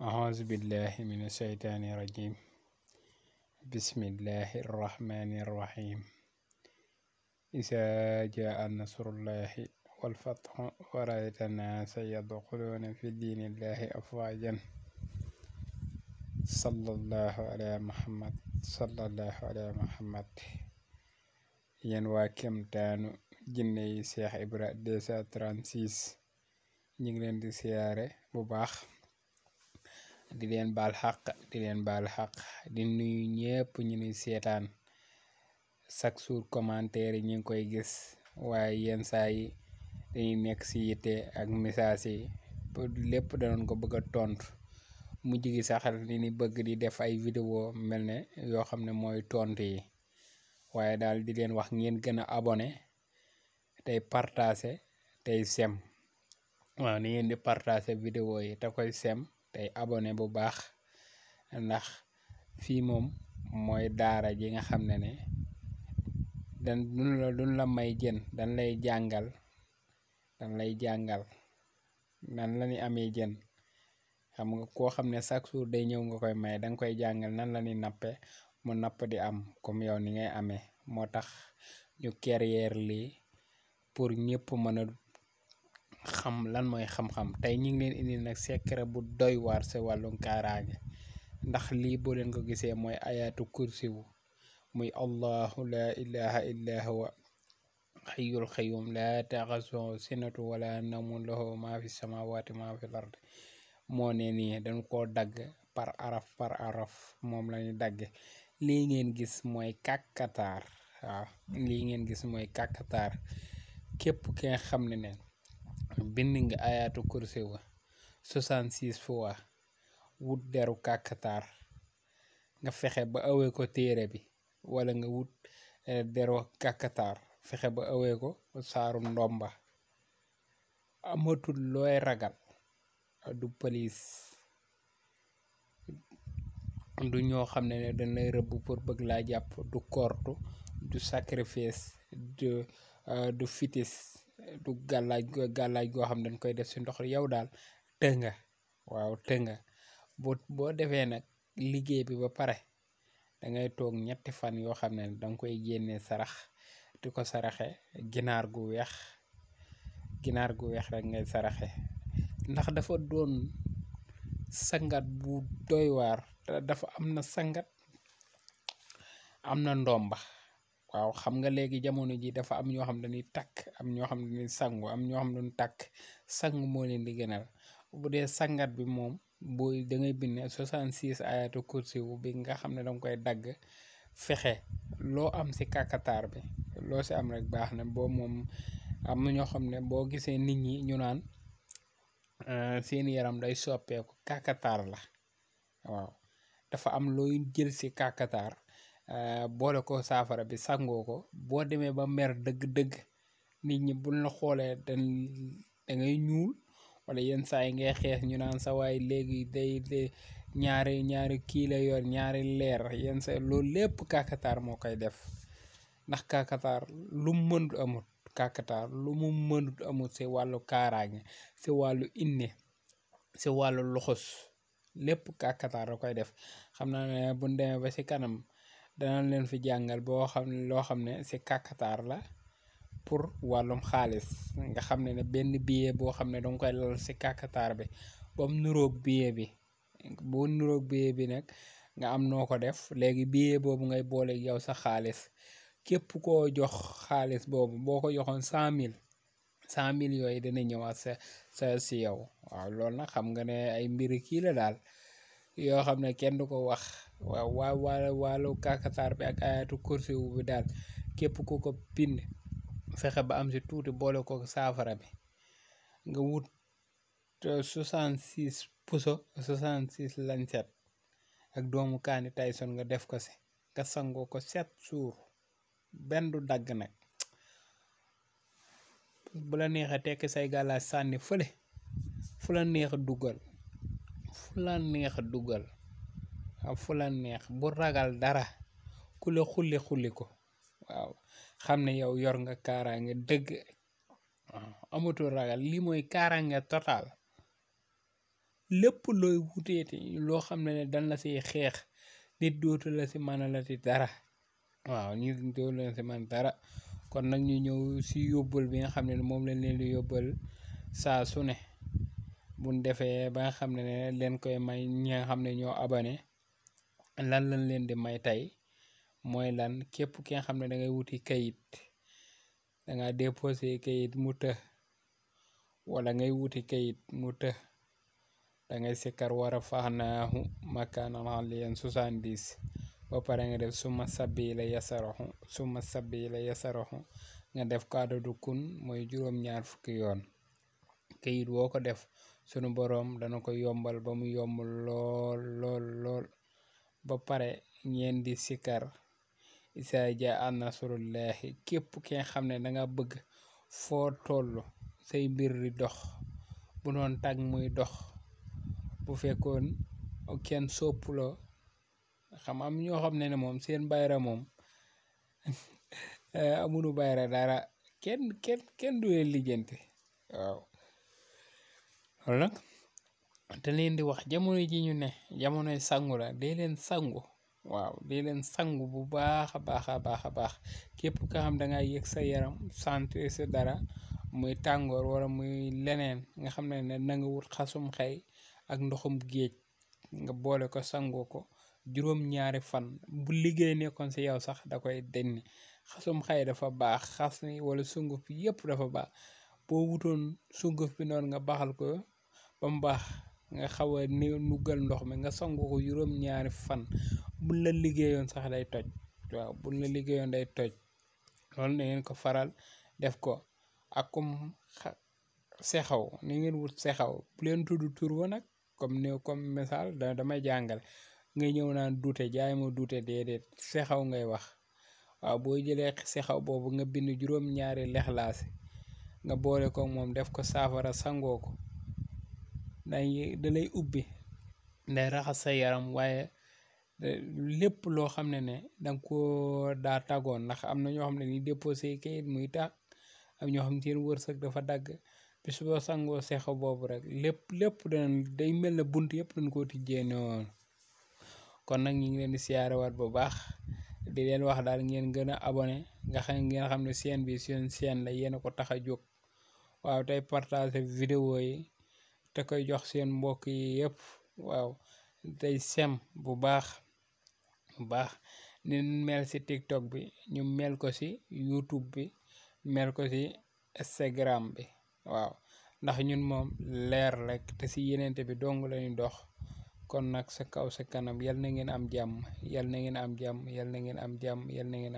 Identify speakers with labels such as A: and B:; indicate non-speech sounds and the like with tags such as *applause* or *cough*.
A: أعوذ بالله من الشيطان الرجيم بسم الله الرحمن الرحيم إذا جاء نصر الله والفتح ورأيت الناس يدخلون في دين الله أفواجا صلى الله على محمد صلى الله على محمد yéen waa Kéemtaanu jinne yi Cheikh Ibra 236 ñu ngi leen di siyaare bu baax di leen baal xaq di leen baal xaq ñu nuy seetaan chaque jour commentaire yi ñu ngi koy gis waaye yenn saa yi dañuy nekk si yitte ak message yi lépp danoon ko bëgg a tontu mujj gi sax ni bëgg di def ay video mel ne yoo xam ne mooy tontu yi waaye daal di leen wax ngeen gën a abonné tey partagé tey sem waaw ni ngeen di partagé vidéo yi te koy sem tey abonné bu baax ndax fii moom mooy daara ji nga xam ne ne dan duñ la may jën dañ lay jàngal dañ lay jàngal nan la ñuy amee jën xam nga koo xam ne chaque jour day ñëw nga koy may danga koy jàngal nan la ñuy nappe mu napp di am comme yow ni ngay amee moo tax ñu créer lii pour ñëpp mën a xam lan mooy xam-xam tey ñu ngi leen indi nag secret bu doy waar sa wàllum kaaraange ndax lii boo leen ko gisee mooy ayaatu kursiwu muy allahu laa ilaha illa huwa xayul xayum laa taxaso sinatu wala namun lahu maa fi samawaati maa fi lard moo ne koo dagg par moom lañu dagge lii ngeen gis mooy kàkkataar waaw lii ngeen gis mooy kàkkataar képp ki xam ne neen bindinga ayatu kursiwa 66 fois wut deru kàkkatar nga fexe ba awee ko téere bi wala nga wut eh, deru kàkkatar fexe ba awee ko saaru ndomba amatul looy ragal du polis du ñoo xam ne ne dana rëbb pour bëgg laa jàpp du kortu du sacrifice du eh, fitis du gàllaaj goo xam dañ koy def si ndox yow daal tënga waaw tënga boo boo defee nag liggéey bi ba pare da ngay toog ñetti fan yoo xam ne danga koy génne sarax di ko saraxe ginaar gu weex ginaar gu weex rek ngay saraxe ndax dafa doon sangat bu doy waar dafa am na sangat am na ndomba waaw xam nga léegi jamono ji dafa am ñoo xam dañuy takk am ñoo xam dañuy sangu am ñoo xam dañu takk sangu moo leen di gënal bu dee sangat bi moom booy da ngay bind 66 ayatu kursi wu bi nga xam ne danga koy dagg fexe loo am si kàkataar bi loo si am rek baax na boo moom am na ñoo xam ne boo gisee nit ñi ñu naan eh, seeni yaram day soppeeku kàkataar la waaw dafa am looy jël si kàkataar Euh, boole ko saafara bi sangoo ko boo demee ba mer dëgg-dëgg nit ñi buñ la xoolee dañ da ngay ñuul wala yenn saa yi ngay xees ñu naan sa waay léegi day ñaari ñaari kii la yor ñaari leer yenn saa loolu lépp kàkataar moo koy def ndax kàkataar lu mu mënut amut kàkataar lu mu mënut amut si wàllu kaaraange si wàllu inne si wàllu loxos lépp kàkataar da koy def xam naa ne buñ demee ba si kanam. danañ leen fi jàngal boo xam ne loo xam ne si kàkkataar la pour wàllum xaalis nga xam ne ne benn billet boo xam ne danga koy lal si kàkkataar bi ba mu nuroog billet bi boo nuroog bi nag nga am noo ko def léegi billet boobu ngay boole yow sa xaalis képp ko jox xaalis boobu boo ko joxoon cent mille cent mille yooyu dina ñëwaat sa si yow waaw loolu nag xam nga ne ay mbiri kii la daal yoo xam ne kenn du ko wax waaw waa waa wàllu kakasaar bi ak ayatu kursi wu bi daal képp ku ko bind fexe ba am si tuuti boole ko saafara bi nga wut 66 euh, puso 66 lancet ak doomu kaani Tyson nga def ko si nga sangoo ko sept suur benn du dagg nag bula la tekk tekki say gàllaaj sànni fële fu la neex duggal fu la neex dugal waaw fu la neex bu ragal dara ku la xulli xulli ko waaw xam ne yow yor nga kaaraange dëgg amatul ragal lii mooy kaaraanga total lépp looy wuteeti loo xam ne dan la siy xeex nit dootu la si mën a la si dara waaw nit dootu la si mën dara kon nag ñu ñëw si yóbbal bi nga xam ne moom lañ leen di yóbbal saa su ne buñ defee ba xam ne ne leen koy may ñi xam ne ñoo abonné lan lañ leen di may tey mooy lan képp ki nga xam ne da wuti kayit danga déposé kayit mu të wala ngay wuti kayit mu të dangay sikkar war a faxnaahu makaanan aliyan 70 ba pare nga def suma sabbi la yasaraxu suma sabbi la yasaraxu nga def kaadadu kun mooy juróom-ñaar fukki yoon kayit woo ko def sunu boroom dana ko yombal ba mu yomb lool lool lool ba pare ngeen di sikar isa ja an nasrullahi képp ki nga xam ne danga bëgg foo toll say mbir di dox bu doon tag muy dox bu fekkoon kenn sopp la am ñoo xam moom seen bayra moom *laughs* eh, amunu bayra dara kenn kenn kenn du leen lijjanti loolu nag te leen di wax jamono ji ñu ne jamonoy sangu la dee leen sangu waaw dee leen sangu bu baax a baax a baax a baax képp ka xam da yëg sa yaram sentir sa dara muy tàngoor wala muy leneen nga xam ne ne nanga wut xasum xay ak ndoxum géej nga boole ko sangu ko juróom-ñaari fan bu liggéey nekkoon si yow sax da koy denni xasum xëy dafa baax xas ni wala sunguf yëpp dafa baax boo wutoon sunguf bi noonu nga baxal ko ba mu baax nga xaw a néew nuggal ndox mi nga sangu ko juróom-ñaari fan buñ la liggéeyoon sax day toj waaw buñ la liggéeyoon day toj loolu na ko faral def ko ak comme sexaw ni ngeen wut sexaw bu leen tudd tur wa nag comme ne comme misaal da damay jàngale nga ñëw naan duute jaay ma duute déedéet sexaw ngay wax waaw boo jëlee sexaw boobu nga bind juróom-ñaari lexlaasi nga boole ko moom def ko saafara sangoo ko da dalay ubbi day raxas sa yaram waaye lépp loo xam ne ne dang ko daa tàggoon ndax am na ñoo xam ne ni déposé kayit muy tax am ñoo xam ne seen wërsëg dafa dagg bis boo sangoo seexo boobu rek lépp lépp danañ day mel ne bunt yëpp dañ koo tijjee noonu kon nag ñu ngi leen di siyaare waat bu baax di leen wax daal ngeen gën a abonné nga xam ngeen xam ne chaîne bi seen seen la yéen a ko tax a jóg waaw tey partager vidéo yi te koy jox seen mbokk yi yëpp waaw tey sem bu baax bu baax ni mel ci tiktok bi ñu mel ko ci youtube bi mel ko ci instagram bi waaw ndax ñun moom leer lekk te ci yeneente bi dong lañu dox kon nag sa kaw sa kanam yal na ngeen am jàmm yal na ngeen am jàmm yal na ngeen am jàmm yal na ngeen